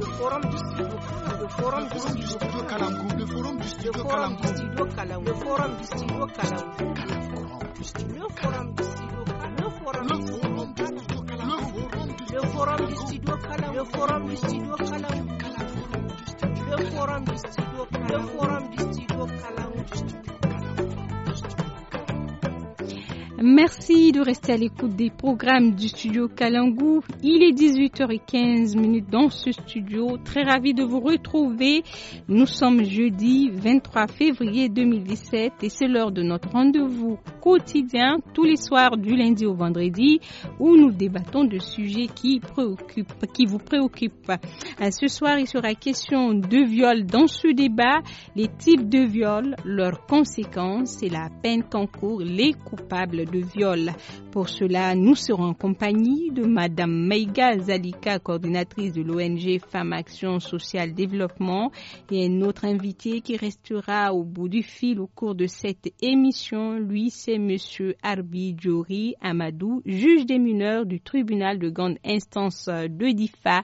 The forum district the forum district Kalamgu. The forum district Kalamgu. The forum district Kalamgu. No forum district No forum district Le forum du studio Calam. Le forum du studio Calam. Le forum du studio Calam. Le forum du studio Calam. Merci de rester à l'écoute des programmes du studio Kalangou. Il est 18h15 minutes dans ce studio. Très ravi de vous retrouver. Nous sommes jeudi 23 février 2017 et c'est l'heure de notre rendez-vous quotidien tous les soirs du lundi au vendredi où nous débattons de sujets qui préoccupent, qui vous préoccupent. Euh, ce soir, il sera question de viol. Dans ce débat, les types de viols, leurs conséquences et la peine qu'encourent les coupables le viol. Pour cela, nous serons en compagnie de Madame Meiga Zalika, coordinatrice de l'ONG Femmes Action Sociale Développement, et un autre invité qui restera au bout du fil au cours de cette émission. Lui, c'est Monsieur Arbi Djouri Amadou, juge des mineurs du tribunal de grande instance de Difa.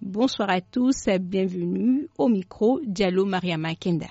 Bonsoir à tous, et bienvenue au micro Diallo Mariama Kenda.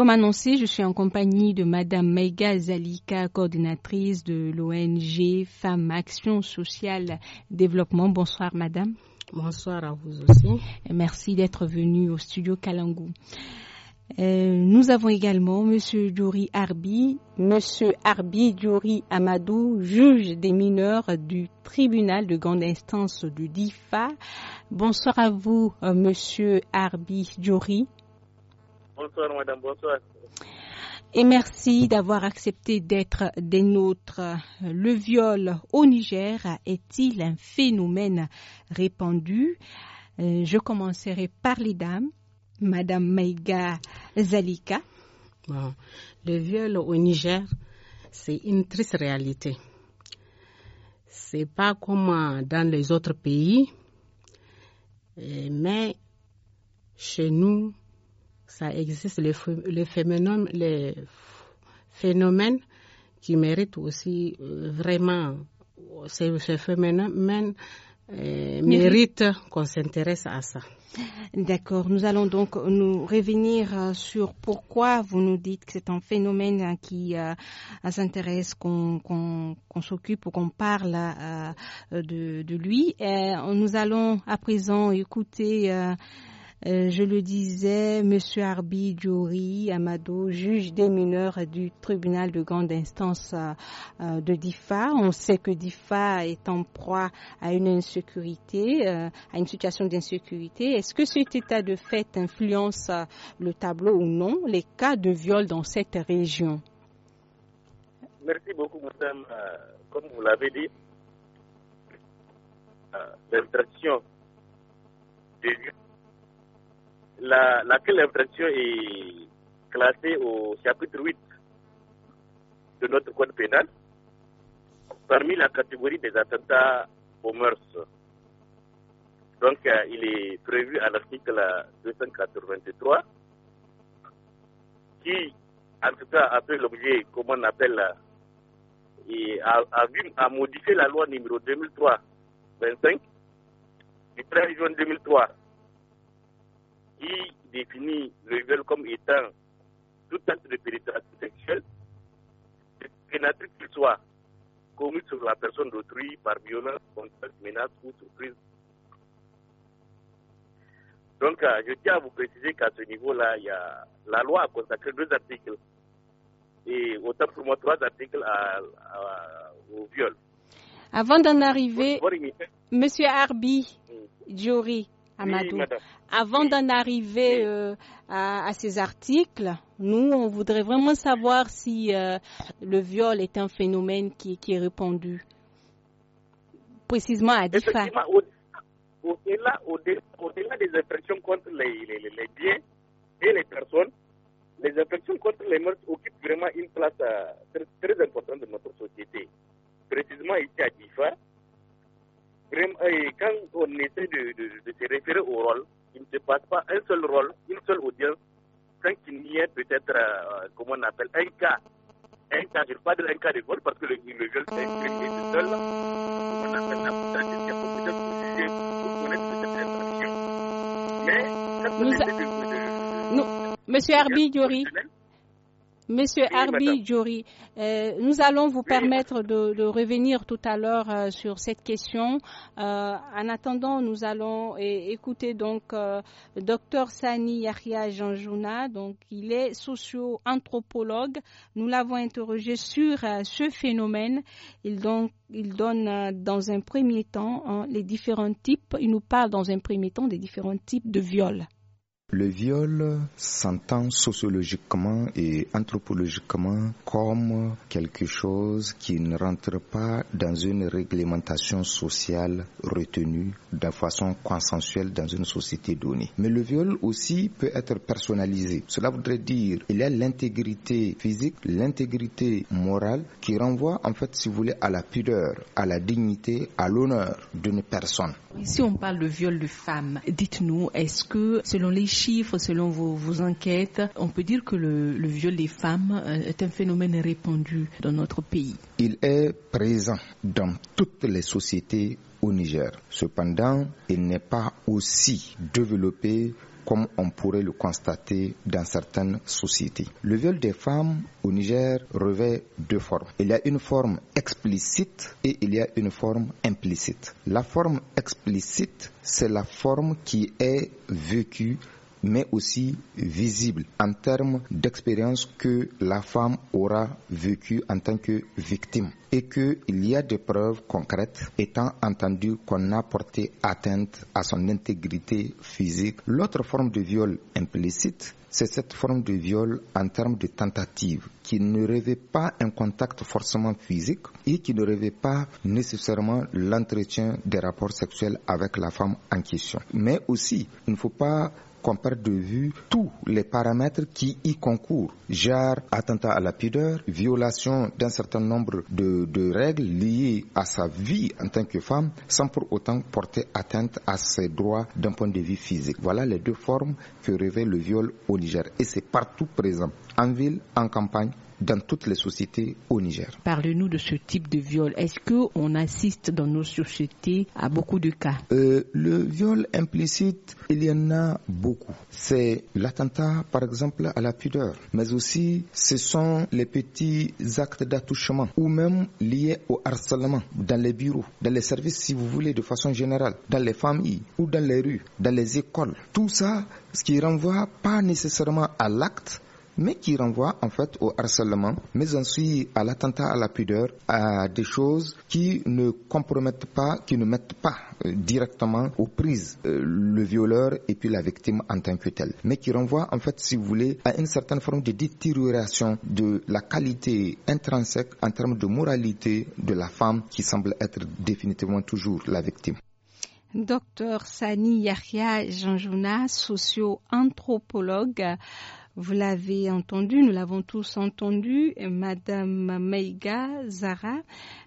Comme annoncé, je suis en compagnie de Madame Maïga Zalika, coordinatrice de l'ONG Femmes Action Sociale Développement. Bonsoir, Madame. Bonsoir à vous aussi. Merci d'être venue au studio Kalangou. Euh, nous avons également Monsieur Djouri Arbi, Monsieur Arbi Djouri Amadou, juge des mineurs du tribunal de grande instance du DIFA. Bonsoir à vous, euh, Monsieur Arbi Djouri. Bonsoir, madame, bonsoir. Et merci d'avoir accepté d'être des nôtres. Le viol au Niger est-il un phénomène répandu euh, Je commencerai par les dames. Madame Maïga Zalika. Le viol au Niger, c'est une triste réalité. Ce n'est pas comme dans les autres pays, euh, mais chez nous, ça existe les, le phénomènes, les qui méritent aussi euh, vraiment ces, phénomènes euh, mérite qu'on s'intéresse à ça. D'accord. Nous allons donc nous revenir euh, sur pourquoi vous nous dites que c'est un phénomène hein, qui s'intéresse, qu'on s'occupe ou qu'on parle de, de, lui. Et nous allons à présent écouter euh, je le disais, M. Arbi Djouri Amado, juge des mineurs du tribunal de grande instance euh, euh, de Difa. On sait que Difa est en proie à une insécurité, à une situation d'insécurité. Est-ce que cet état de fait influence le tableau ou non, les cas de viol dans cette région Merci beaucoup, madame. Comme vous l'avez dit, l'intention des la, laquelle infraction est classée au chapitre 8 de notre code pénal parmi la catégorie des attentats aux mœurs. Donc, euh, il est prévu à l'article 283 qui, en tout cas, a fait l'objet, comme on appelle, euh, et a, a modifié la loi numéro 2003-25 du 13 juin 2003 qui définit le viol comme étant tout acte de pénétration sexuelle, pénatrice qu'il soit, commis sur la personne d'autrui par violence, contre menace ou surprise. Donc, euh, je tiens à vous préciser qu'à ce niveau-là, il y a, la loi a consacré deux articles. Et autant pour moi, trois articles au viol. Avant d'en arriver, Monsieur Arbi, mm. Diori. Amadou. Avant d'en arriver euh, à, ces articles, nous, on voudrait vraiment savoir si euh, le viol est un phénomène qui, est répandu, précisément à DIFA. Au-delà des infractions contre les, biens et les personnes, les infractions contre les morts occupent vraiment une place euh, très, très importante de notre société. Précisément ici à DIFA, eh, quand on essaie de, de, de, se référer au rôle, il ne se passe pas un seul rôle, une seule audience, sans qu'il n'y ait peut-être, euh, comment on appelle, un cas. Un cas, je ne parle pas d'un un cas de vol parce que le, le viol s'est exprimé tout seul. On appelle la peut-être pour juger, pour connaître cette infraction. Mais, quand on essaie de. de, de, de Monsieur Arbi Diori. Monsieur Arbi Djori, euh, nous allons vous permettre de, revenir tout à l'heure euh, sur cette question. Euh, en attendant, nous allons écouter donc Dr Sani Yahya Janjouna. Donc, il est socio-anthropologue. Nous l'avons interrogé sur ce phénomène. Il, donc, il donne dans un premier temps hein, les différents types. Il nous parle dans un premier temps des différents types de viols. Le viol s'entend sociologiquement et anthropologiquement comme quelque chose qui ne rentre pas dans une réglementation sociale retenue de façon consensuelle dans une société donnée. Mais le viol aussi peut être personnalisé. Cela voudrait dire il y a l'intégrité physique, l'intégrité morale qui renvoie en fait, si vous voulez, à la pudeur, à la dignité, à l'honneur d'une personne. Si on parle de viol de femme, dites-nous, est-ce que selon les selon vos, enquêtes, on peut dire que le viol des femmes euh, est un phénomène répandu dans notre pays. Il est présent dans toutes les sociétés au Niger. Cependant, il n'est pas aussi développé comme on pourrait le constater dans certaines sociétés. Le viol des femmes au Niger revêt deux formes. Il y a une forme explicite et il y a une forme implicite. La forme explicite, c'est la forme qui est vécue mais aussi visible en termes d'expérience que la femme aura vécue en tant que victime et qu'il y a des preuves concrètes étant entendu qu'on a porté atteinte à son intégrité physique. L'autre forme de viol implicite, c'est cette forme de viol en termes de tentative qui ne rêvait pas un contact forcément physique et qui ne rêvait pas nécessairement l'entretien des rapports sexuels avec la femme en question. Mais aussi, il ne faut pas qu'on perde de vue tous les paramètres qui y concourent, genre attentat à la pudeur, violation d'un certain nombre de, de, règles liées à sa vie en tant que femme, sans pour autant porter atteinte à ses droits d'un point de vue physique. Voilà les deux formes que révèle le viol au Niger. Et c'est partout présent, en ville, en campagne, dans toutes les sociétés au Niger. Parlez-nous de ce type de viol. Est-ce qu'on assiste dans nos sociétés à beaucoup de cas euh, Le viol implicite, il y en a beaucoup. C'est l'attentat, par exemple, à la pudeur, mais aussi ce sont les petits actes d'attouchement ou même liés au harcèlement dans les bureaux, dans les services, si vous voulez, de façon générale, dans les familles ou dans les rues, dans les écoles. Tout ça, ce qui renvoie pas nécessairement à l'acte, mais qui renvoie en fait au harcèlement, mais ensuite à l'attentat à la pudeur, à des choses qui ne compromettent pas, qui ne mettent pas euh, directement aux prises euh, le violeur et puis la victime en tant que telle, mais qui renvoie en fait, si vous voulez, à une certaine forme de détérioration de la qualité intrinsèque en termes de moralité de la femme qui semble être définitivement toujours la victime. Docteur Sani Yahya Janjouna, socio-anthropologue, vous l'avez entendu, nous l'avons tous entendu, Madame Meiga Zara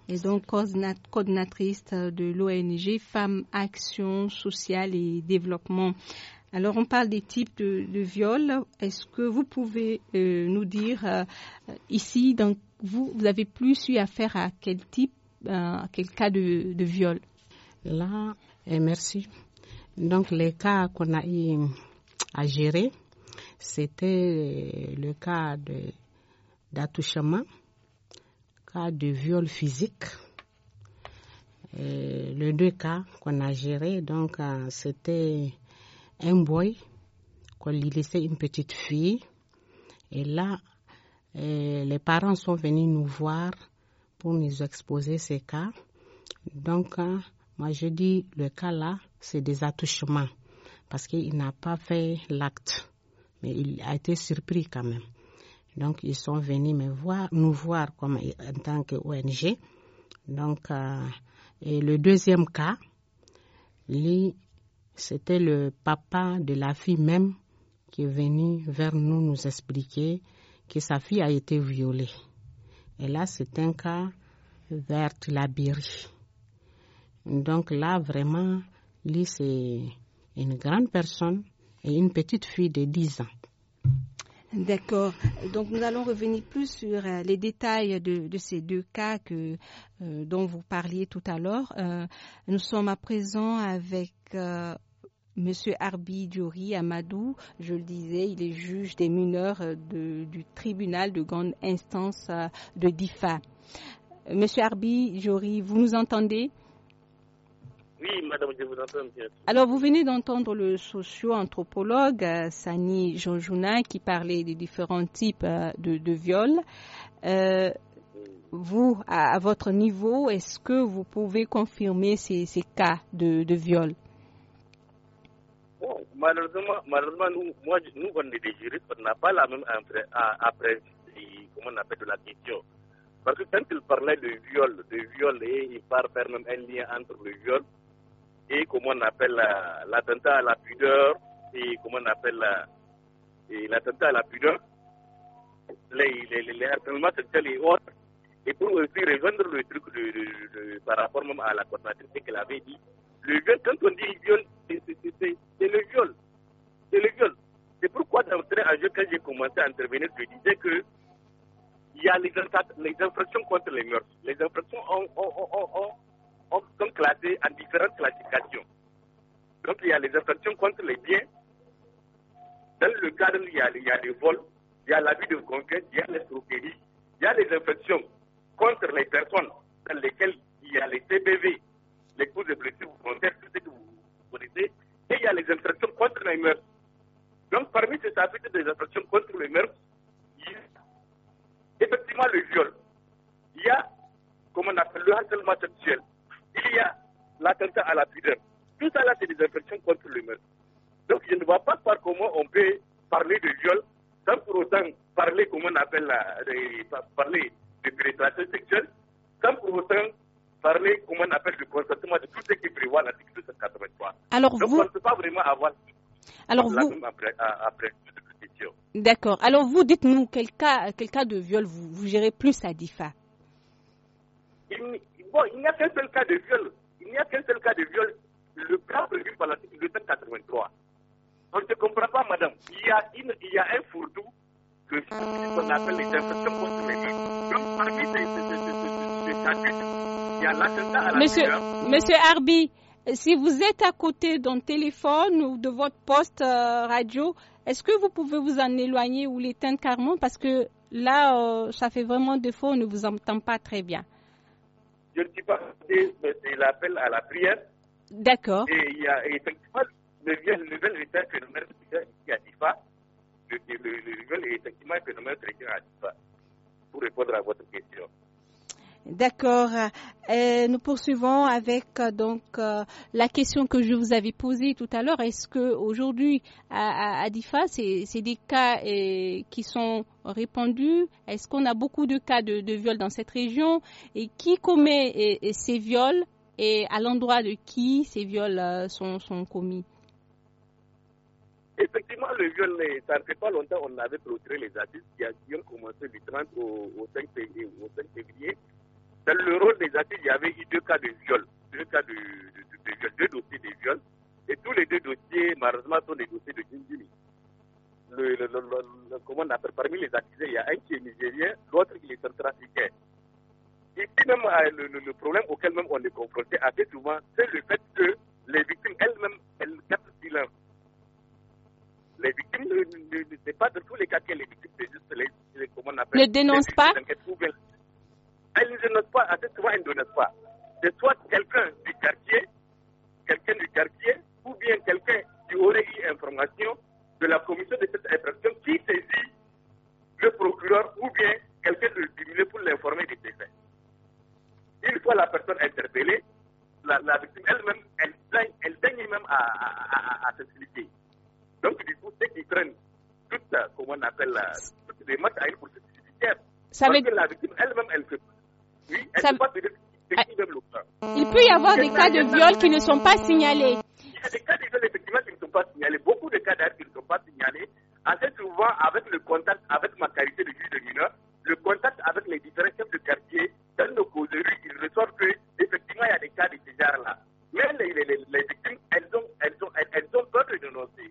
est donc coordinatrice de l'ONG Femmes Action Sociale et Développement. Alors, on parle des types de, viol. viols. Est-ce que vous pouvez euh, nous dire euh, ici, donc, vous, vous avez plus eu affaire à quel type, euh, à quel cas de, viol Là, merci. Donc, les cas qu'on a eu à gérer, c'était euh, le cas d'attouchement, cas de viol physique. Euh, le deux cas qu'on a géré donc euh, c'était un boy qu'on laissait une petite fille. Et là, les parents sont venus nous voir pour nous exposer ces cas. Donc, moi je dis, le cas là, c'est des attouchements parce qu'il n'a pas fait l'acte. Mais il a été surpris quand même. Donc, ils sont venus me voir, nous voir comme, en tant qu'ONG. Donc, euh, et le deuxième cas, lui, c'était le papa de la fille même qui est venu vers nous nous expliquer que sa fille a été violée. Et là, c'est un cas vers Tulabiri. Donc là, vraiment, lui, c'est une grande personne et une petite fille de 10 ans. D'accord. Donc nous allons revenir plus sur euh, les détails de, ces deux cas euh, dont vous parliez tout à l'heure. Euh, nous sommes à présent avec M. Monsieur Arbi Diori Amadou, je le disais, il est juge des mineurs du tribunal de grande instance de DIFA. Monsieur Arbi Diori, vous nous entendez? Oui, madame, je vous entends, Alors, vous venez d'entendre le socio-anthropologue euh, Sani Jonjouna qui parlait des différents types euh, de, de viols. Euh, vous, à, votre niveau, est-ce que vous pouvez confirmer ces, cas de, de viol malheureusement, nous, moi, nous, on est des juristes, on n'a pas la même après, comment on appelle de la question. Parce que quand il parlait de viol, de viol, et il part faire même un lien entre le viol et comment on appelle l'attentat à la pudeur et comment on appelle l'attentat à la pudeur, les, harcèlements sexuels et autres. Et pour aussi rejoindre le truc par rapport même à la coordinatrice qu'elle avait dit, le viol, quand on dit viol, c'est le viol. C'est le viol. C'est pourquoi dans jeu, quand j'ai commencé à intervenir, je disais que il y a les, infractions contre les meurtres, Les infractions en... ont sont classés en différentes classifications. Donc il y a les infractions contre les biens. Dans le cadre, il y a, il y a les vols, il y a l'abus de conquête, il y a les l'escroquerie, il y a les infractions contre les personnes dans lesquelles il y a les CBV, les coups de blessure volontaires, et il y a les infractions contre les mœurs. Donc parmi ces chapitres des infractions contre les mœurs, il y a effectivement le viol. Il y a, comme on appelle le harcèlement sexuel il y a l'attentat à la pudeur. Tout ça c'est des infractions contre l'humain. Donc je ne vois pas par comment on peut parler de viol sans pour autant parler, on appelle, de, parler de pénétration sexuelle, sans pour autant parler, comment on appelle, du consentement de tout ce qui prévoit l'article 283. Alors Donc vous... on ne peut pas vraiment avoir Alors vous... D'accord. Alors vous, dites-nous, quel cas, de viol vous, gérez plus à DIFA il n'y a qu'un seul cas de viol. Il n'y a qu'un seul cas de viol, le cas prévu par l'article 283. On ne te comprend pas, madame. Il y a, un fourre-tout que qu'on appelle les infections consommées. parmi il y a à la Monsieur, Monsieur Arbi, si vous êtes à côté d'un téléphone ou de votre poste euh, radio, est-ce que vous pouvez vous en éloigner ou l'éteindre carrément Parce que là, euh, ça fait vraiment défaut, on ne vous entend pas très bien je ne dis pas c'est l'appel à la prière. D'accord. Et il y a effectivement le nouvel est un phénomène qui à Tifa. Le, le, le nouvel est effectivement un phénomène chrétien à Tifa. Pour répondre à votre question. D'accord. Euh, nous poursuivons avec euh, donc euh, la question que je vous avais posée tout à l'heure. Est-ce que aujourd'hui à, à, DIFA, c'est des cas qui sont répandus Est-ce qu'on a beaucoup de cas de, de viol dans cette région Et qui commet ces viols et à l'endroit de qui ces viols sont, commis Effectivement, le viol, ça ne fait pas longtemps, on avait clôturé les assises qui ont commencé du 30 au, Au 5 février dans le rôle des accusés. il y avait eu deux cas de viol, deux cas de, deux dossiers de viol. Et tous les deux dossiers, malheureusement, sont des dossiers de Jindimi. Le, le, le, comment parmi les accusés, il y a un qui est nigérien, l'autre qui est centrafricain. Ici même, euh, le, problème auquel même on est confronté assez souvent, c'est le fait que les victimes elles-mêmes, elles gardent silence. Les victimes, ce n'est pas de tous les cas que les victimes, c'est juste les, les comment on appelle, dénoncent pas. Elle ne note pas, toi elle ne donnent pas. C'est soit quelqu'un du quartier, quelqu'un du quartier, ou bien quelqu'un qui aurait eu information de la commission de cette infraction qui saisit le procureur ou bien quelqu'un du milieu pour l'informer des décès. Une fois la personne interpellée, la, victime elle-même, elle, daigne elle elle même à, à, à, se splitter. Donc, du coup, ceux qui prennent toutes, comment on appelle, toutes les matins, à une procédure judiciaire, ça veut... que la victime elle-même, elle se ah. Il peut y avoir des cas de viol qui ne sont pas signalés. Il y a des cas de viol effectivement qui ne sont pas signalés. Beaucoup de cas d'ailleurs qui ne sont pas signalés. Assez souvent, avec le contact avec ma qualité de juge de mineur, le contact avec les différents chefs de quartier, dans nos causeries, il ressort que effectivement il y a des cas de ces genre-là. Mais les, victimes, elles ont, elles, ont, elles, ont peur de dénoncer.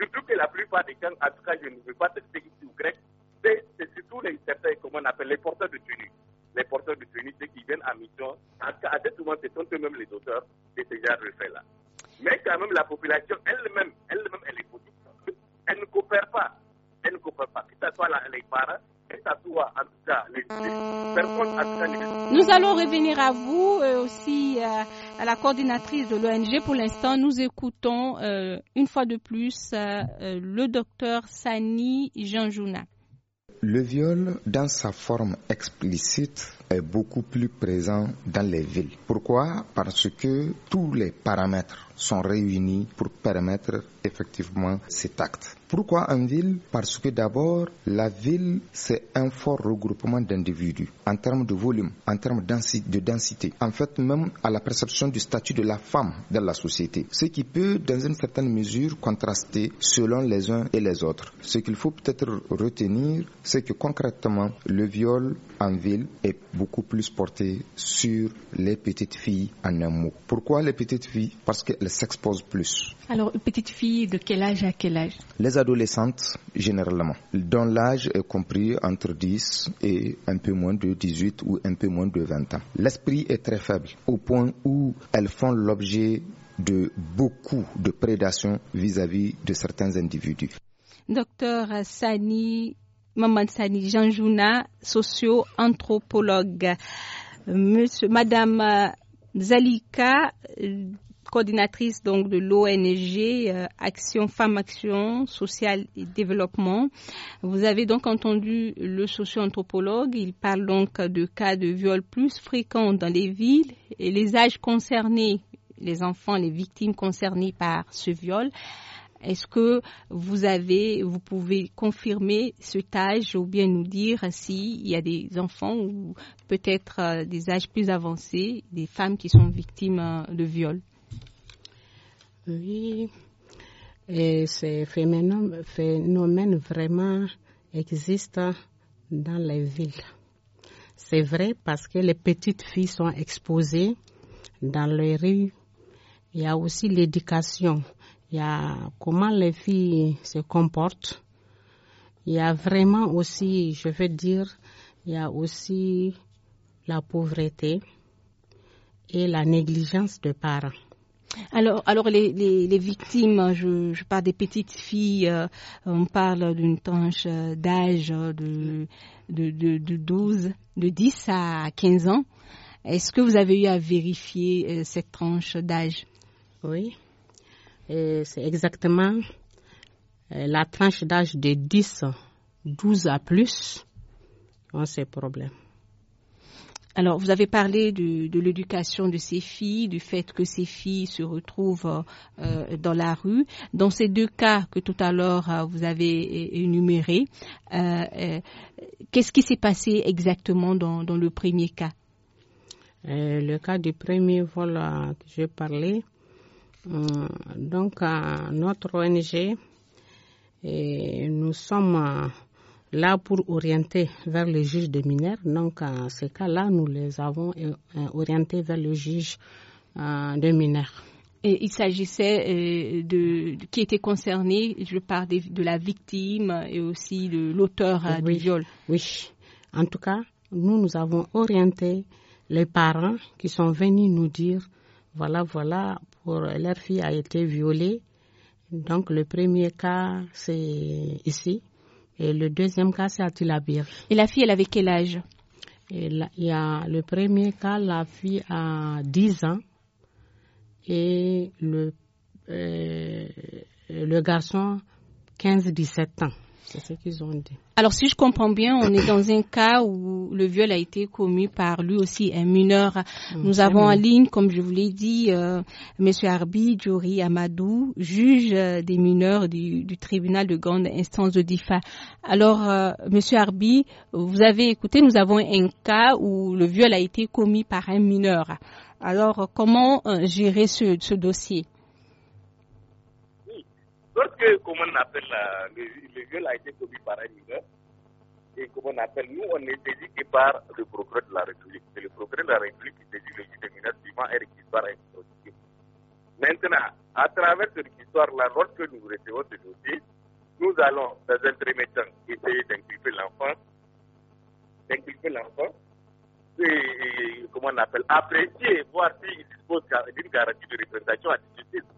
Surtout que la plupart des cas en tout cas, je ne veux pas tester ici ou grec, c'est surtout les, certains, comment on appelle, les porteurs de tenue les porteurs de trinité qui viennent à mission, à, à tout ce sont eux-mêmes les auteurs de ces genres là Mais quand même, la population elle-même, elle-même, elle est politique. Elle ne coopère pas. Elle ne coopère pas. Que ce soit ça les parents, nous allons revenir à vous euh, aussi euh, à la coordinatrice de l'ONG. Pour l'instant, nous écoutons euh, une fois de plus le docteur Sani Jeanjouna. Le viol, dans sa forme explicite, est beaucoup plus présent dans les villes. Pourquoi Parce que tous les paramètres sont réunis pour permettre effectivement cet acte. Pourquoi en ville Parce que d'abord, la ville, c'est un fort regroupement d'individus en termes de volume, en termes de densité, en fait même à la perception du statut de la femme dans la société, ce qui peut dans une certaine mesure contraster selon les uns et les autres. Ce qu'il faut peut-être retenir, c'est que concrètement, le viol en ville est beaucoup plus porté sur les petites filles en un Pourquoi les petites filles Parce qu'elles s'exposent plus. Alors, petites filles de quel âge à quel âge adolescentes généralement, dont l'âge est compris entre 10 et un peu moins de 18 ou un peu moins de 20 ans. L'esprit est très faible au point où elles font l'objet de beaucoup de prédation vis-à-vis de certains individus. Docteur Sani, Maman Sani Janjouna, socio-anthropologue. Monsieur, Madame Zalika, coordinatrice donc de l'ONG euh, Action Femmes Action Sociale et Développement. Vous avez donc entendu le socio-anthropologue. Il parle donc de cas de viol plus fréquents dans les villes et les âges concernés, les enfants, les victimes concernées par ce viol. Est-ce que vous avez, vous pouvez confirmer cet âge ou bien nous dire s'il y a des enfants ou peut-être euh, des âges plus avancés, des femmes qui sont victimes euh, de viol oui. Et ce phénomène vraiment existent dans les villes. C'est vrai parce que les petites filles sont exposées dans les rues. Il y a aussi l'éducation. Il y a comment les filles se comportent. Il y a vraiment aussi, je veux dire, il y a aussi la pauvreté et la négligence de parents. Alors, alors les, victimes, je, parle des petites filles, euh, on parle d'une tranche euh, d'âge euh, de, de, de, de 10 à 15 ans. Est-ce que vous avez eu à vérifier cette tranche d'âge Oui, c'est exactement la tranche d'âge de 10, 12 à plus on ces problèmes. Alors, vous avez parlé de l'éducation de ces filles, du fait que ces filles se retrouvent euh, dans la rue. Dans ces deux cas que tout à l'heure euh, vous avez énumérés, euh, qu'est-ce qui s'est passé exactement dans, le premier cas Le cas du premier vol que j'ai parlé, donc notre ONG, nous sommes là pour orienter vers le juge de mineurs. Donc, en ce cas-là, nous les avons euh, euh, orientés vers le juge euh, de mineurs. Et il s'agissait de, qui était concerné, je parle de, la victime et aussi de l'auteur du viol. Oui. En tout cas, nous, nous avons orienté les parents qui sont venus nous dire, voilà, voilà, pour leur fille a été violée. Donc, le premier cas, c'est ici. Et le deuxième cas, c'est à Tulabir. Et la fille, elle avait quel âge et il y a le premier cas, la fille a 10 ans et le, euh, le garçon 15-17 ans. Alors, si je comprends bien, on est dans un cas où le viol a été commis par lui aussi un mineur. Nous avons en ligne, comme je vous l'ai dit, Monsieur M. Arbi Djouri Amadou, juge euh, des mineurs du, tribunal de grande instance de DIFA. Alors, Monsieur M. Arbi, vous avez écouté, nous avons un cas où le viol a été commis par un mineur. Alors, comment euh, gérer ce dossier Lorsque, que, on appelle, le, vieux viol a été commis par un mineur. Et comme on appelle, nous, on est saisi que par le procureur de la République. C'est le procureur de la République qui saisit le juge des mineurs suivant un réquisitoire introductif. Maintenant, à travers ce réquisitoire-là, lorsque nous recevons ce dossier, nous allons, dans un premier temps, essayer d'inculper l'enfant, d'inculper l'enfant, et, et, comment on appelle, apprécier, voir s'il dispose d'une garantie de représentation à justice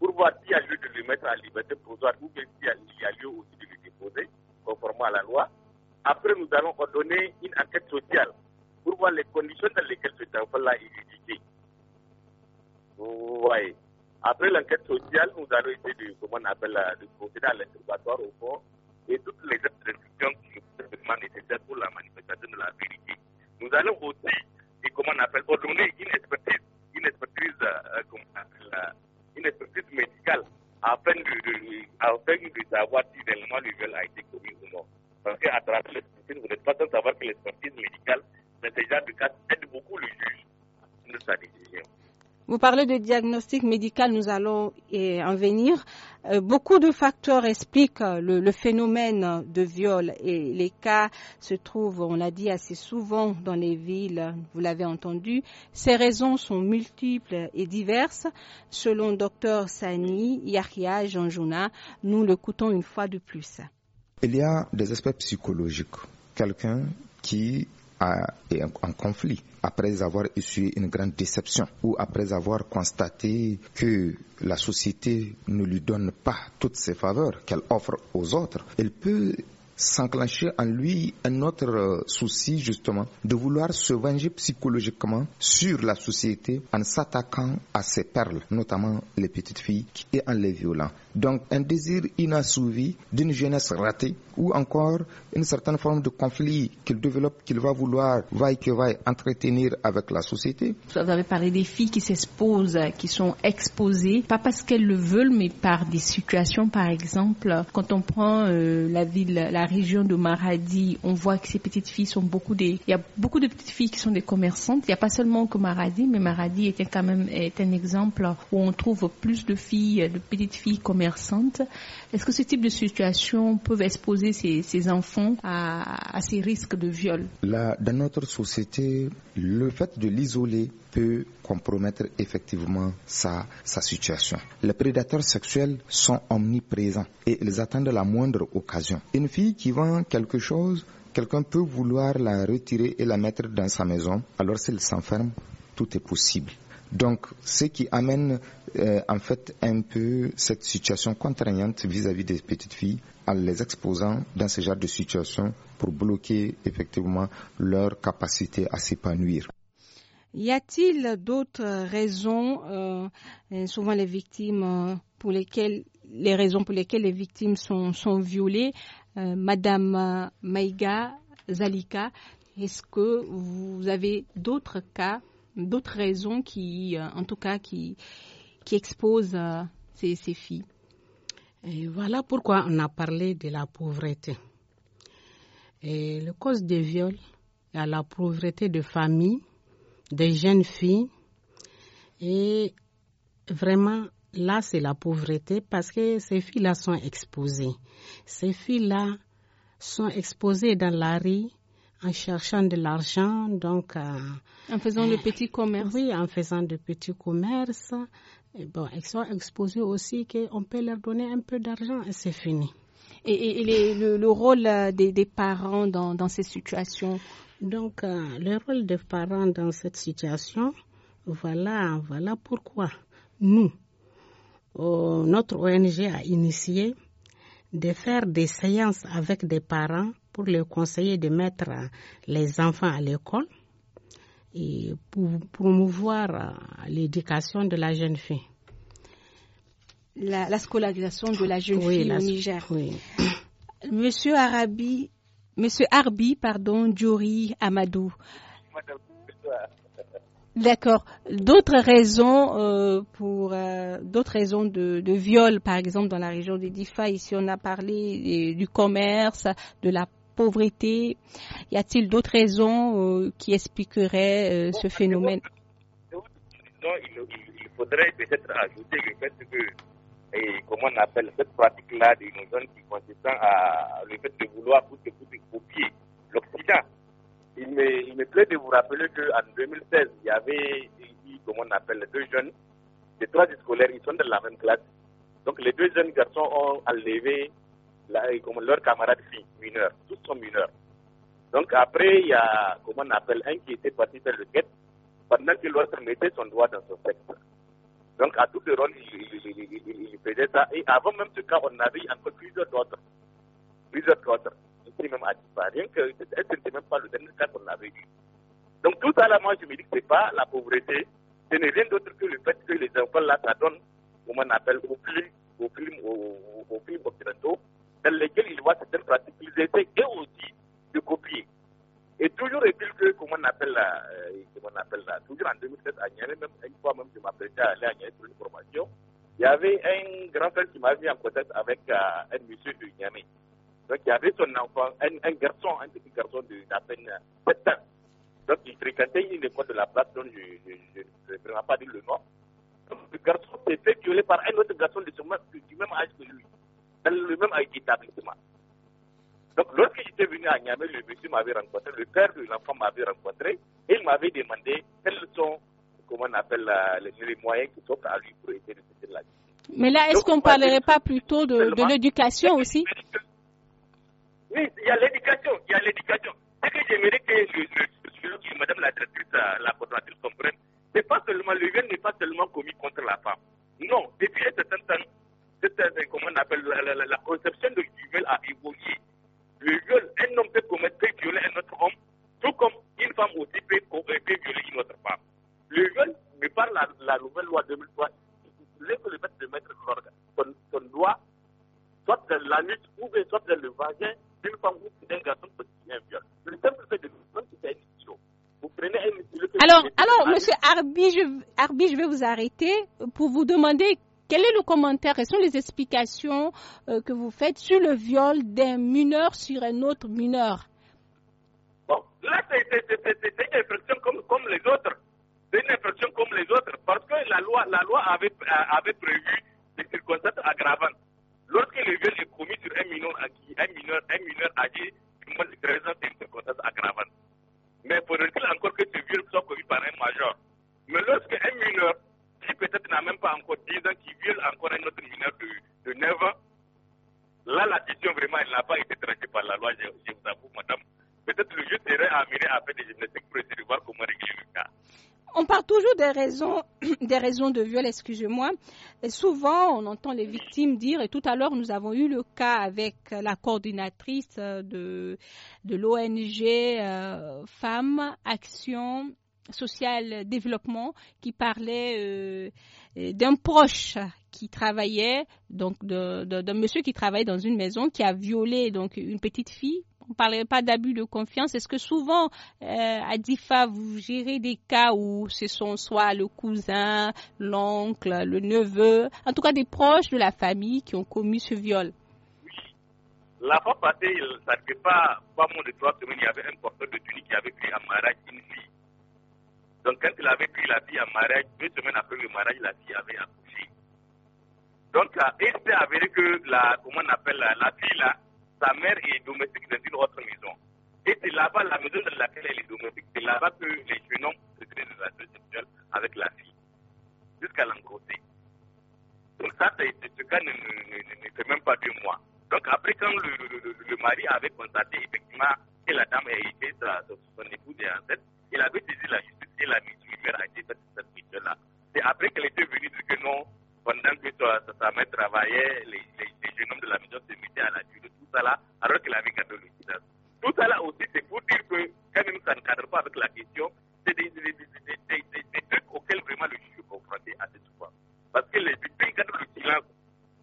pour voir s'il y a lieu de le mettre à liberté provisoire ou bien s'il y a lieu aussi de le déposer, conformément à la loi. Après, nous allons ordonner une enquête sociale pour voir les conditions dans lesquelles cet enfant-là est éduqué. Vous voyez. Après l'enquête sociale, nous allons essayer de, comment on appelle, de procéder à l'interrogatoire au fond et toutes les autres restrictions qui sont nécessaires pour la manifestation de la vérité. Nous allons aussi, et comment on appelle, ordonner une expertise, une expertise, comme euh, euh, comment on appelle, une expertise médicale afin de, afin de savoir si réellement le viol a été commis ou non. Parce qu'à travers l'expertise, vous n'êtes pas sans savoir que l'expertise médicale, c'est déjà de cas, aide beaucoup le juge dans sa décision. Vous parlez de diagnostic médical, nous allons y en venir. Euh, beaucoup de facteurs expliquent euh, le, phénomène de viol et les cas se trouvent, on l'a dit assez souvent dans les villes, vous l'avez entendu. Ces raisons sont multiples et diverses. Selon docteur Sani Yahya Janjouna, nous l'écoutons une fois de plus. Il y a des aspects psychologiques. Quelqu'un qui en conflit après avoir essuyé une grande déception ou après avoir constaté que la société ne lui donne pas toutes ses faveurs qu'elle offre aux autres, elle peut s'enclencher en lui un autre euh, souci justement de vouloir se venger psychologiquement sur la société en s'attaquant à ses perles, notamment les petites filles et en les violant. Donc un désir inassouvi d'une jeunesse ratée ou encore une certaine forme de conflit qu'il développe, qu'il va vouloir, vaille que vaille, entretenir avec la société. Vous avez parlé des filles qui s'exposent, qui sont exposées, pas parce qu'elles le veulent, mais par des situations, par exemple, quand on prend euh, la ville, la région de Maradi, on voit que ces petites filles sont beaucoup des, il y a beaucoup de petites filles qui sont des commerçantes. Il n'y a pas seulement que Maradi, mais Maradi est quand même est un exemple où on trouve plus de filles, de petites filles commerçantes. Est-ce que ce type de situation peut exposer ces, ces enfants à, à, ces risques de viol Là, Dans notre société, le fait de l'isoler peut compromettre effectivement sa, sa situation. Les prédateurs sexuels sont omniprésents et ils attendent la moindre occasion. Une fille qui vend quelque chose, quelqu'un peut vouloir la retirer et la mettre dans sa maison. Alors s'il s'enferme, tout est possible. Donc, ce qui amène euh, en fait un peu cette situation contraignante vis-à-vis des petites filles en les exposant dans ce genre de situation pour bloquer effectivement leur capacité à s'épanouir. Y a-t-il d'autres raisons, euh, souvent les victimes, euh, pour lesquelles les raisons pour lesquelles les victimes sont, sont violées euh, Madame euh, Maïga Zalika, est-ce que vous avez d'autres cas, d'autres raisons qui, euh, en tout cas, qui, qui exposent ces, filles Et Voilà pourquoi on a parlé de la pauvreté. Et le cause des viols, à la pauvreté de famille, des jeunes filles, et vraiment là, c'est la pauvreté parce que ces filles-là sont exposées. Ces filles-là sont exposées dans la rue en cherchant de l'argent, donc... Euh, en faisant des petits euh, petit Oui, en faisant des petits commerces. bon, elles sont exposées aussi qu'on peut leur donner un peu d'argent et c'est fini. Et, le, rôle euh, des, parents dans, ces situations Donc, le rôle des parents dans cette situation, voilà, voilà pourquoi nous, euh, notre ONG a initié de faire des séances avec des parents pour les conseiller de mettre les enfants à l'école et pour promouvoir euh, l'éducation de la jeune fille. La, scolarisation de la jeune fille au Niger. Monsieur Arabi, Monsieur Arbi, pardon, Djouri Amadou. D'accord. D'autres raisons euh, pour euh, d'autres raisons de, viol, par exemple dans la région des Difa, ici on a parlé euh, du commerce, de la pauvreté. Y a-t-il d'autres raisons qui expliqueraient ce phénomène Non, il, faudrait peut-être ajouter le fait que, et, comment on appelle cette pratique-là des jeunes qui consistent à le fait de vouloir tout copier l'Occident il me, plaît de vous rappeler qu'en 2016, il y avait, comment on appelle, deux jeunes, les trois scolaires, ils sont dans la même classe. Donc les deux jeunes garçons ont enlevé la, euh, leur camarade fille, mineure. tous sont mineurs. Donc après, il y a, comment on appelle, un qui était parti faire le quête, pendant que l'autre mettait son doigt dans son sexe. Donc à tout le rôle, il, il, faisait ça. Et avant même ce cas, on avait encore plusieurs autres. Plusieurs autres surpris même à Rien que, elle ne même pas le dernier cas qu'on avait eu. Donc tout à l'heure, moi, je me dis que ce n'est pas la pauvreté, ce n'est rien d'autre que le fait que les enfants, là, ça donne, comment on appelle, au crime, au crime, au, au occidentaux, dans lesquels ils voient certaines pratiques qu'ils essaient eux aussi de copier. Et toujours est-il que, comment on appelle là, euh, comment on appelle là, toujours en 2007, à Niamey, même une fois même, je m'apprêtais à aller à Niamey pour une formation, il y avait un grand frère qui m'avait en contact avec euh, un monsieur de Niamey. Donc il y avait son enfant, un, garçon, un petit garçon d'à peine 7 ans. Donc il fréquentait une école de la place dont je ne vais pas dire le nom. Donc, le garçon s'est fait violer par un autre garçon de ce du même âge que lui, dans le même âge établissement. Donc lorsque j'étais venu à Niamey, le monsieur m'avait rencontré, le père de l'enfant m'avait rencontré et il m'avait demandé quels sont, comment on appelle, les, moyens qui sont à lui pour aider de la vie. Mais là, est-ce qu'on ne parlerait pas plutôt de l'éducation aussi oui, il y a l'éducation, il y a l'éducation. Ce que j'aimerais que je, je, madame la directrice, euh, la coordinatrice comprenne, c'est pas seulement, le viol n'est pas seulement commis contre la femme. Non, depuis un certain temps, euh, comment on appelle, la, conception du viol a évolué. Le viol, un homme peut commettre, peut violer un autre homme, tout comme une femme aussi peut, euh, violer une autre femme. Le viol, mais par la, nouvelle loi 2003, il le fait de mettre son, son doigt, soit dans l'anus ou bien soit dans le vagin, Arbi, je, vais vous arrêter pour vous demander quel est le commentaire, quelles sont les explications euh, que vous faites sur le viol d'un mineur sur un autre mineur Bon, là, c'est une infraction comme, les autres. C'est une infraction comme les autres parce que la loi, la loi avait, euh, prévu des circonstances aggravantes. Lorsque le viol est commis sur un mineur, un mineur, un mineur âgé du moins de 13 ans, c'est une circonstance aggravante. Mais faudrait-il encore que ce viol soit commis par un major mais un mineur, qui peut-être n'a même pas encore 10 ans, qui viole encore un autre mineur de, 9 ans, là, la question vraiment, elle n'a pas été traitée par la loi, je, vous avoue, madame. Peut-être le jeu serait amené à faire des gymnastiques pour essayer de voir comment régler le cas. On parle toujours des raisons, des raisons de viol, excusez-moi. Souvent, on entend les victimes dire, et tout à l'heure, nous avons eu le cas avec la coordinatrice de, l'ONG euh, Femmes Action social développement qui parlait euh, euh, d'un proche qui travaillait donc d'un monsieur qui travaillait dans une maison qui a violé donc une petite fille on parlait pas d'abus de confiance. Est-ce que souvent, euh, à DIFA, vous gérez des cas où ce sont soit le cousin, l'oncle, le neveu, en tout cas des proches de la famille qui ont commis ce viol La fois passée, ça ne pas, pas moins de trois semaines, il y avait un porteur de tunique qui avait pris un donc quand il avait pris la fille en mariage, deux semaines après le mariage, la fille avait accouché. Donc euh, il s'est avéré que la, comment on appelle la, fille sa mère est domestique dans une autre maison. Et c'est là-bas, la maison dans laquelle elle est domestique, c'est là-bas que les jeunes hommes se créent des relations sexuelles avec la fille, jusqu'à l'engrosser. Donc ça, ce cas ne, fait même pas deux mois. Donc après, quand le, mari avait constaté effectivement que la dame a été son épouse et en il avait saisi la justice et la mise humaine a été faite cette mission-là. C'est après qu'elle était venue dire que non, pendant que sa, sa mère travaillait, les, les, jeunes hommes de la maison se mettaient à la de tout ça là, alors qu'elle avait le silence. Tout ça là aussi, c'est pour dire que quand même ça ne cadre pas avec la question, c'est des, des, des, des, trucs auxquels vraiment le juge est confronté à cette fois. Parce que les victimes gardent le silence.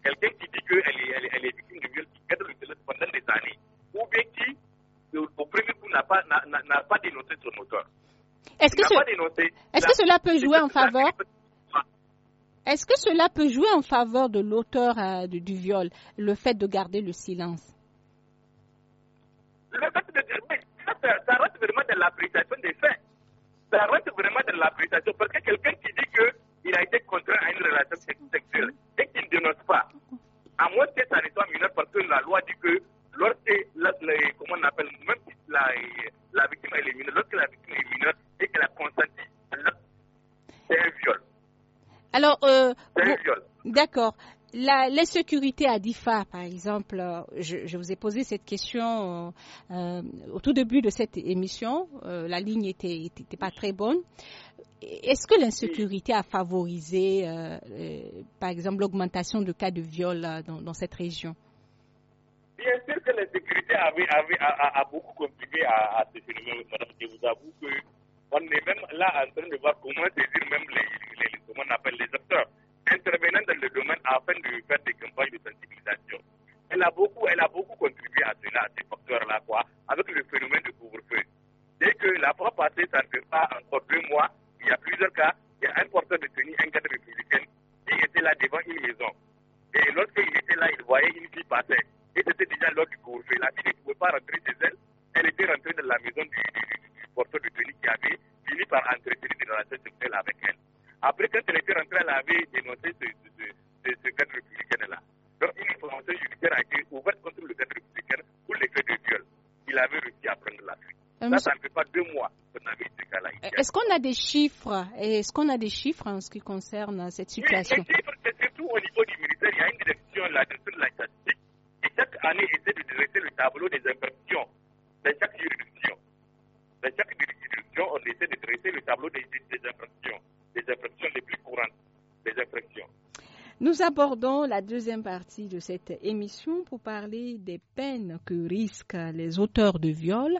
Quelqu'un qui dit qu'elle est, elle, elle est victime de viol, qui cadre le silence pendant des années, ou bien qui au premier coup, n'a pas, n'a, pas dénoncé son auteur. Est-ce que, cela peut jouer en faveur Est-ce que cela peut jouer en faveur de l'auteur euh, du, viol, le fait de garder le silence le fait ça, ça rentre vraiment de l'appréciation des faits. Ça reste vraiment de l'appréciation. Parce que quelqu'un qui dit qu'il a été contraint à une relation sexuelle et qu'il ne dénonce pas, à moins que ça ne soit mineur, parce que la loi dit que lorsque la, comment on appelle, même la, la victime est mineure, lorsque la victime est mineure et qu'elle a consenti, c'est un viol. Alors, euh, D'accord. L'insécurité à DIFA, par exemple, euh, je, vous ai posé cette question euh, au tout début de cette émission. la ligne n'était était pas très bonne. Est-ce que l'insécurité a favorisé, par exemple, l'augmentation de cas de viol dans cette région Bien sûr que la sécurité a, beaucoup contribué à, ce phénomène, Je vous avoue qu'on est même là en train de voir comment saisir même les, comment on appelle les acteurs intervenant dans le domaine afin de faire des campagnes de sensibilisation. Elle a beaucoup, elle a beaucoup contribué à cela, à ces facteurs-là, quoi, avec le phénomène de couvre-feu. Dès que la fois passée, ça ne fait pas encore deux mois, il y a plusieurs cas, il y a un porteur de tenue, un cadre républicain, qui était là devant une maison. Et il était là, il voyait une fille passer. Et c'était déjà l'heure du couvre La fille ne pouvait pas rentrer chez elle. Elle était rentrée dans la maison du, du, porteur de tenue qui avait fini par entretenir des relations sexuelles avec elle. Après, quand elle était rentrée, elle avait dénoncé ce, ce, ce, ce cadre républicain-là. Donc, une information judiciaire a été ouverte contre le cadre républicain pour l'effet de viol. Il avait réussi à prendre la fuite. Euh, ça, ça ne fait pas deux mois qu'on avait ce cas-là. Est-ce qu'on a des chiffres Est-ce qu'on a des chiffres en ce qui concerne cette situation abordons la deuxième partie de cette émission pour parler des peines que risquent les auteurs de viol.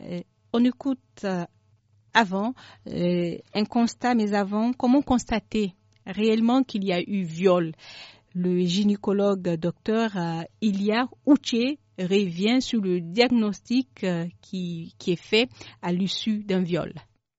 Euh, on écoute euh, avant euh, un constat, mais avant, comment constater réellement qu'il y a eu viol Le gynécologue docteur Ilia Outier revient sur le diagnostic qui, qui est fait à l'issue d'un viol.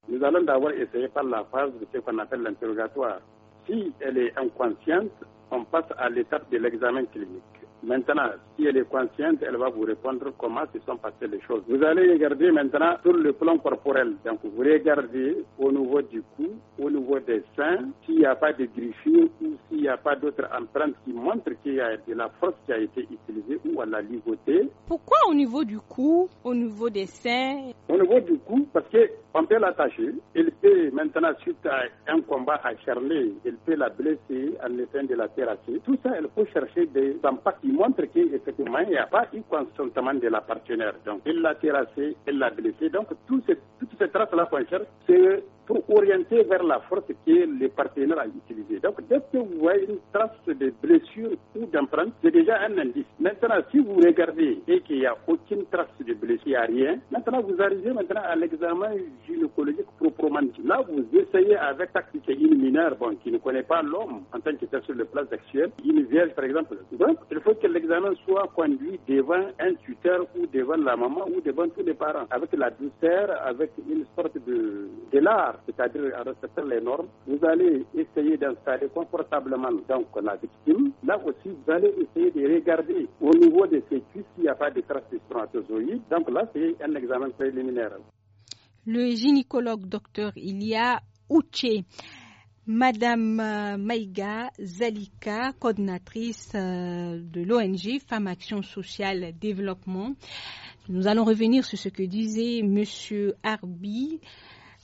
Nous allons d'abord essayer par la phase de ce qu'on appelle l'interrogatoire si elle est inconsciente, on passe à l'étape de l'examen clinique. Maintenant, si elle est consciente, elle va vous répondre comment se sont passées les choses. Vous allez regarder maintenant sur le plan corporel. Donc, vous regardez au niveau du cou, au niveau des seins, s'il n'y a pas de griffures ou s'il n'y a pas d'autres empreintes qui montrent qu'il y a de la force qui a été utilisée ou à la ligotée. Pourquoi au niveau du cou, au niveau des seins Au niveau du cou, parce qu'on peut l'attacher. Elle peut maintenant, suite à un combat acharné, elle peut la blesser en étant de la terrasser. Tout ça, elle peut chercher des impacts montre qu'effectivement, il n'y a pas eu consentement de la partenaire. Donc, elle l'a terrassée, elle l'a blessée. Donc, toutes ces traces-là qu'on c'est pour orienter vers la force que les partenaires ont utilisée. Donc, dès que vous voyez une trace de blessure ou d'empreinte, c'est déjà un indice. Maintenant, si vous regardez et qu'il n'y a aucune trace de blessure, il n'y a rien, maintenant vous arrivez maintenant à l'examen gynécologique proprement dit. Là, vous essayez avec tactique une mineure bon, qui ne connaît pas l'homme en tant qu'état sur le plan sexuel, une vierge par exemple. Donc, il faut que l'examen soit conduit devant un tuteur ou devant la maman ou devant tous les parents, avec la douceur, avec une sorte de, de l'art c'est-à-dire à respecter les normes, vous allez essayer d'installer confortablement donc la victime. Là aussi, vous allez essayer de regarder au niveau de ses cuisses s'il n'y a pas de traces de spermatozoïdes. Donc là, c'est un examen préliminaire. Le gynécologue docteur Ilia Ouché. Madame euh, Maïga Zalika, coordinatrice euh, de l'ONG Femmes Action Sociale Développement. Nous allons revenir sur ce que disait Monsieur Arbi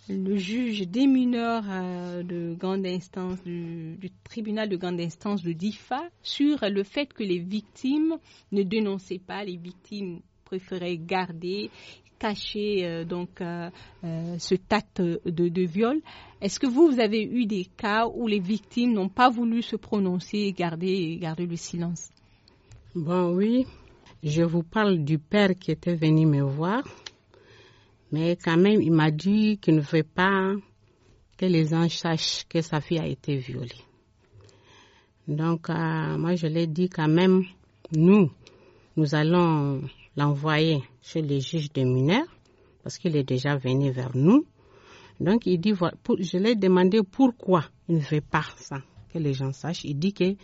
le juge des mineurs euh, de grande instance du, tribunal de grande instance de DIFA sur le fait que les victimes ne dénonçaient pas, les victimes préféraient garder, cacher euh, donc euh, ce acte de, viol. Est-ce que vous, avez eu des cas où les victimes n'ont pas voulu se prononcer et garder, garder le silence Bon, oui. Je vous parle du père qui était venu me voir mais quand même, il m'a dit qu'il ne veut pas que les gens sachent que sa fille a été violée. Donc, euh, moi, je l'ai dit quand même, nous, nous allons l'envoyer chez les juges des mineurs parce qu'il est déjà venu vers nous. Donc, il dit, je l'ai demandé pourquoi il ne veut pas ça que les gens sachent. Il dit que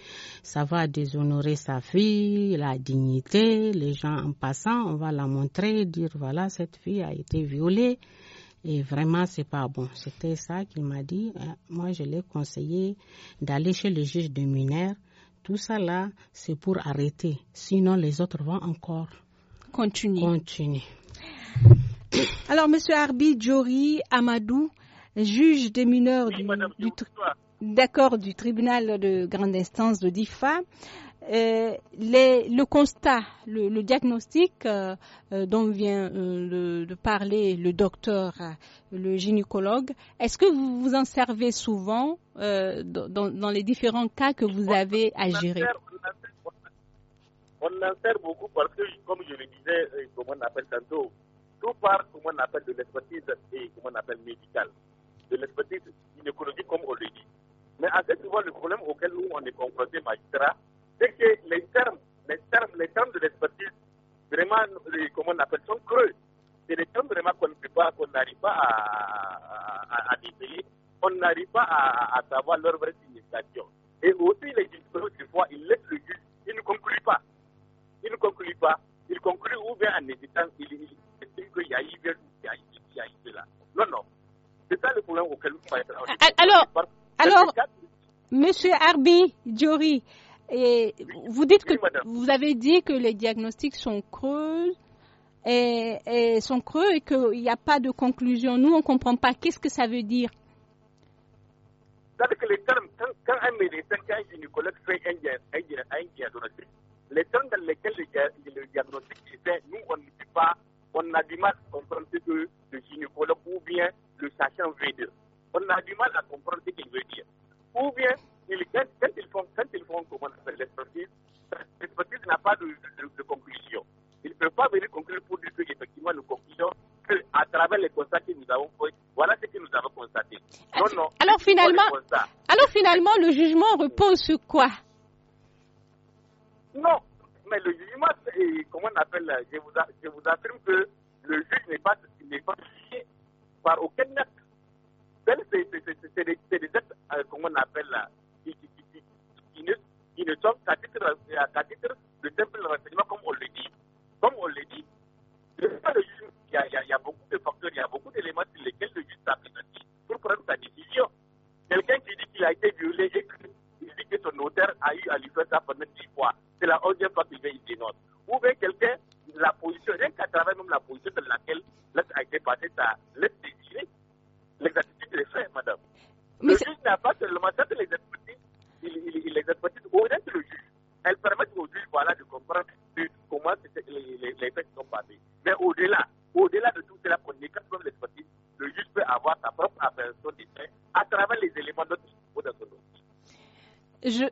ça va déshonorer sa fille, la dignité. Les gens en passant, on va la montrer, dire voilà, cette fille a été violée. Et vraiment, c'est pas bon. C'était ça qu'il m'a dit. Euh, moi, je l'ai conseillé d'aller chez le juge des mineurs. Tout ça là, c'est pour arrêter. Sinon, les autres vont encore continuer. Alors, Monsieur Arbi Djori Amadou, juge des mineurs du, du d'accord du tribunal de grande instance de DIFA, euh, le constat, le, diagnostic euh, euh, dont vient de parler le docteur, le gynécologue, est-ce que vous vous en servez souvent dans, les différents cas que vous avez à gérer On en sert beaucoup parce que, comme je le disais, comme on appelle tantôt, tout part, on appelle, de l'expertise et comme on appelle médicale, de l'expertise gynécologique, comme on le dit. Mais à cette fois le problème auquel nous, on est confronté, magistrat, c'est que les termes, les termes, les termes de l'expertise, vraiment, comme comment on appelle, sont creux. C'est des termes vraiment qu'on n'arrive pas, à, à, à déveiller, on n'arrive pas à, à, savoir leur vraie signification. Et aussi, les juges, vois, ils laissent le juge, ils ne concluent pas. Ils ne concluent pas. Ils concluent ou bien en hésitant, ils disent qu'il y a eu il y a eu là. Non, non. C'est ça le problème auquel nous faisons. Ah, alors. Alors, Monsieur Arbi Diori, vous dites que vous avez dit que les diagnostics sont creux et, sont creux et qu'il n'y a pas de conclusion. Nous, on ne comprend pas. Qu'est-ce que ça veut dire cest que les termes, quand un médecin, quand un gynécologue fait un, diagnostic, les termes dans lesquels le, diagnostic est fait, nous, on ne sait pas, on a du mal à comprendre que le gynécologue ou bien le sachant V2 on a du mal à comprendre ce qu'il veut dire. Ou bien, quand, ils font, quand ils font, comment on appelle l'expertise, l'expertise n'a pas de, conclusion. Ils ne peuvent pas venir conclure pour dire qu'effectivement, nous que à travers les constats que nous avons faits, voilà ce que nous avons constaté. Non, non, alors, finalement, alors finalement, le jugement repose sur quoi Non, mais le jugement, comment on appelle, je vous, je vous affirme que le juge n'est pas, pas par aucun acte c'est des, êtres, comme euh, comment on appelle, qui, ne, sont qu'à titre, euh, qu titre, de simple renseignement, comme on le dit. Comme on le dit, il y, a, beaucoup de facteurs, il y a beaucoup d'éléments sur lesquels le juge s'applique pour prendre sa décision. Quelqu'un qui dit qu'il a été violé et il dit que son notaire a eu à lui faire ça pendant 10 fois. C'est la 11e fois qu'il vient, il dénonce. Ou bien quelqu'un, la position, rien qu'à travers même la position dans laquelle l'être a été passé, ça laisse décider l'exactitude les faits, madame. Mais le juge n'a pas seulement, quand les expertise, il, il, il, au expertise du juge. Elles permettent au juge voilà, de comprendre comment les, faits sont passés. Mais au-delà, au-delà de tout cela, qu'on est quand l'expertise, le juge peut avoir sa propre appréhension des faits à travers les éléments de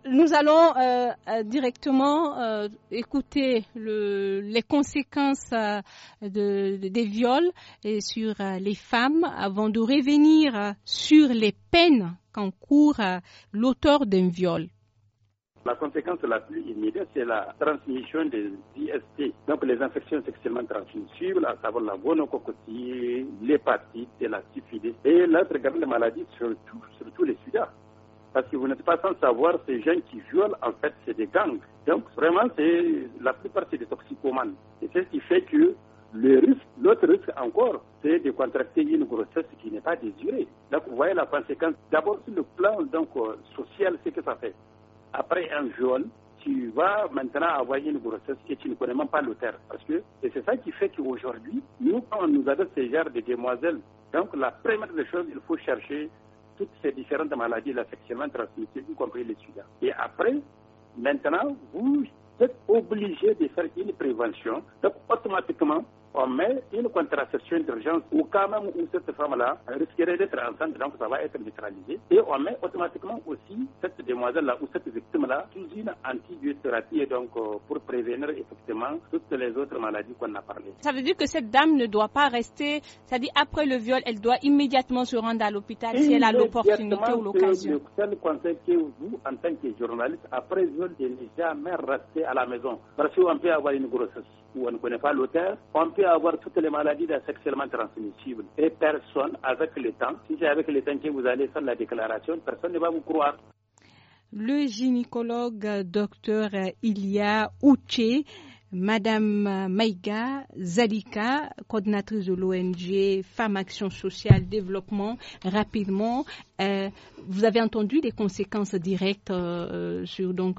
nous allons euh, euh, directement euh, écouter les conséquences des viols sur les femmes avant de revenir sur les peines qu'encourt l'auteur d'un viol. La conséquence la plus immédiate, c'est la transmission des IST, donc les infections sexuellement transmissibles, à savoir la monococotine, l'hépatite et la syphilis, et l'autre grande maladie, surtout, surtout les sujets. Parce que vous n'êtes pas sans savoir, ces gens qui violent, en fait, c'est des gangs. Donc, vraiment, c'est la plupart, c'est des toxicomanes. Et c'est ce qui fait que le risque, l'autre risque encore, c'est de contracter une grossesse qui n'est pas désirée. Donc, vous voyez la conséquence. D'abord, sur le plan donc, euh, social, c'est que ça fait. Après un jeune, tu vas maintenant avoir une grossesse et tu ne connais même pas l'auteur. Parce que, et c'est ça qui fait qu'aujourd'hui, nous, quand on nous adresse ces genres de demoiselles, donc la première des choses, il faut chercher toutes ces différentes maladies, là, sexuellement y compris les sida. Et après, maintenant, vous êtes obligé de faire une prévention. Donc, automatiquement, on met une contraception d'urgence ou quand même où cette femme-là risquerait d'être enceinte, donc ça va être neutralisé. Et on met automatiquement aussi cette demoiselle-là ou cette victime-là sous une antibiothérapie, donc euh, pour prévenir effectivement toutes les autres maladies qu'on a parlé. Ça veut dire que cette dame ne doit pas rester, c'est-à-dire après le viol, elle doit immédiatement se rendre à l'hôpital si elle a l'opportunité ou l'occasion. C'est le conseil que vous, en tant que journaliste, après viol, de ne jamais rester à la maison. Parce qu'on peut avoir une grossesse où on ne connaît pas l'auteur, on peut avoir toutes les maladies sexuellement transmissibles. Et personne, avec le temps, si c'est avec le temps que vous allez faire la déclaration, personne ne va vous croire. Le gynécologue docteur Ilia Ouché Madame euh, Maïga Zalika, coordinatrice de l'ONG Femmes Action Sociale Développement, rapidement, euh, vous avez entendu les conséquences directes euh,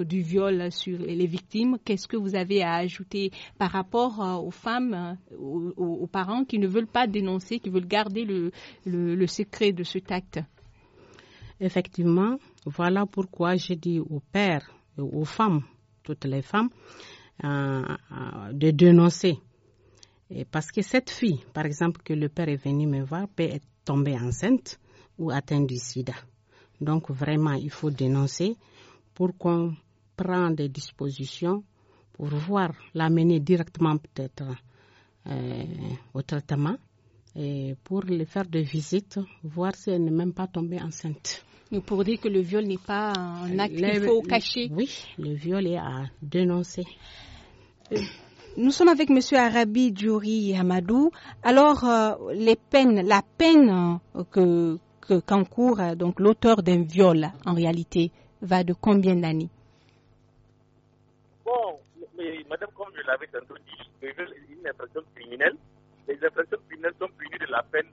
du viol sur les victimes. Qu'est-ce que vous avez à ajouter par rapport aux femmes, aux, parents qui ne veulent pas dénoncer, qui veulent garder le, le secret de cet acte Effectivement, voilà pourquoi j'ai dit aux pères, aux femmes, toutes les femmes, euh, de dénoncer. parce que cette fille, par exemple, que le père est venu me voir, peut être tombée enceinte ou atteinte du sida. Donc vraiment, il faut dénoncer pour qu'on prenne des dispositions pour voir l'amener directement peut-être euh, au traitement et pour lui faire des visites, voir si elle n'est même pas tombée enceinte. pour dire que le viol n'est pas un acte qu'il faut cacher. Oui, le viol est à dénoncer. Euh, nous sommes avec M. Arabi Djouri Hamadou. Alors, euh, les peines, la peine euh, que qu'encourt donc l'auteur d'un viol, en réalité, va de combien d'années Bon, mais, madame, comme je l'avais tantôt dit, une infraction criminelle. Les infractions criminelles sont punies de la peine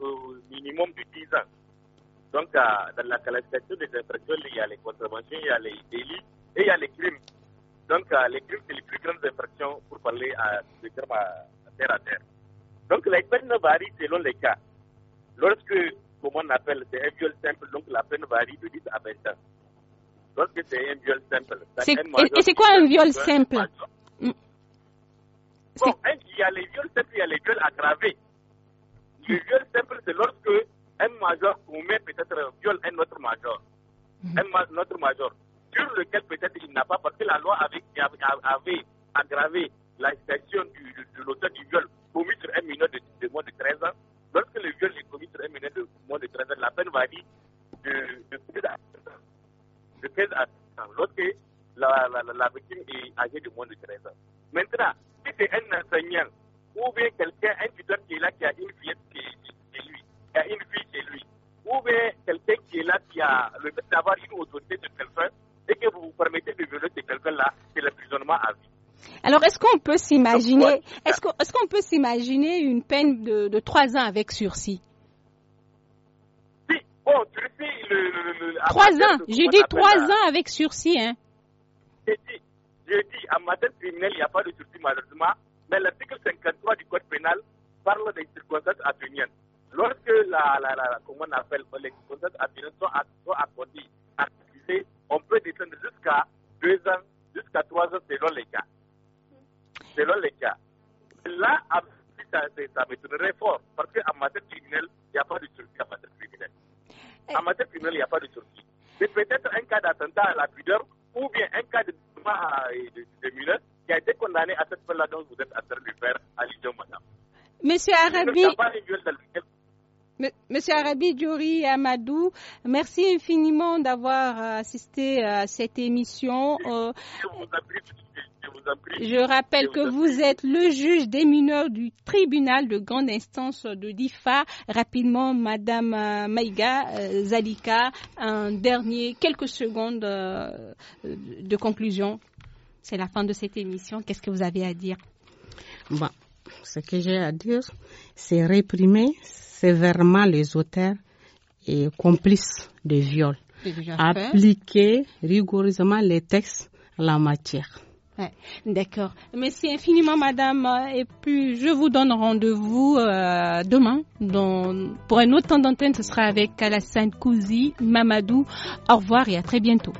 au minimum de 10 ans. Donc, dans la classification des infractions, il y a les contraventions, il y a les délits et il y a les crimes. Donc, les crimes, c'est les plus grandes infractions pour parler à, de crimes à, terre à terre. Donc, les peines varient selon les cas. Lorsque, comme on appelle, c'est un viol simple, donc la peine varie de 10 à 20 ans. Lorsque c'est un viol simple. Et, et c'est quoi un viol simple mm. Bon, il y a les viols simples, il y a les viols aggravés. Le viol simple, c'est lorsque un major commet peut-être viol un autre major. Mm. Un autre notre major sur lequel peut-être il n'a pas, parce que la loi avait, aggravé la situation du, de l'auteur du viol commis sur un mineur de, moins de 13 ans. Lorsque le viol est commis sur un mineur de moins de 13 ans, la peine varie de, de 13 à 15 ans. Lorsque la, la, victime est âgée de moins de 13 ans. Maintenant, si c'est un enseignant ou bien quelqu'un, un tuteur qui est là, qui a une fille chez lui, qui a une fille chez lui, ou bien quelqu'un qui est là, qui a le fait d'avoir une autorité de quelqu'un, et que vous vous permettez de violer quelqu'un là, c'est l'emprisonnement à vie. Alors, est-ce qu'on peut s'imaginer, est-ce est qu'on peut s'imaginer une peine de, de 3 ans avec sursis Trois 3 ans, j'ai dit 3 ans avec sursis, hein. J'ai dit, j'ai dit, en matière criminelle, il n'y a pas de sursis malheureusement, mais l'article 53 du Code pénal parle des circonstances atténuantes. Lorsque la, comment on appelle, les circonstances atténuantes sont, sont accordées à on peut descendre jusqu'à deux ans, jusqu'à trois ans selon les cas. Selon les cas. Là, ça, ça m'étonnerait fort, parce qu'en matière criminelle, il n'y a pas de sortie en matière criminelle. il n'y a pas de sortie. C'est peut-être un cas d'attentat à la pudeur, ou bien un cas de de, de mineurs qui a été condamné à cette peine-là dont vous êtes en train de faire allusion, madame. Monsieur Arabi. Monsieur Arabi Djouri Amadou, merci infiniment d'avoir euh, assisté euh, à cette émission. je rappelle que vous êtes le juge des mineurs du tribunal de grande instance de DIFA. Rapidement, Madame euh, Maïga Zalika, un dernier, quelques secondes de conclusion. C'est la fin de cette émission. Qu'est-ce que vous avez à dire bon, Ce que j'ai à dire, c'est réprimer, sévèrement les auteurs et complices de viol. Appliquer rigoureusement les textes la matière. D'accord. Merci infiniment, madame. Et puis, je vous donne rendez-vous euh, demain pour un autre temps d'antenne. Ce sera avec Alassane Kouzi, Mamadou. Au revoir et à très bientôt.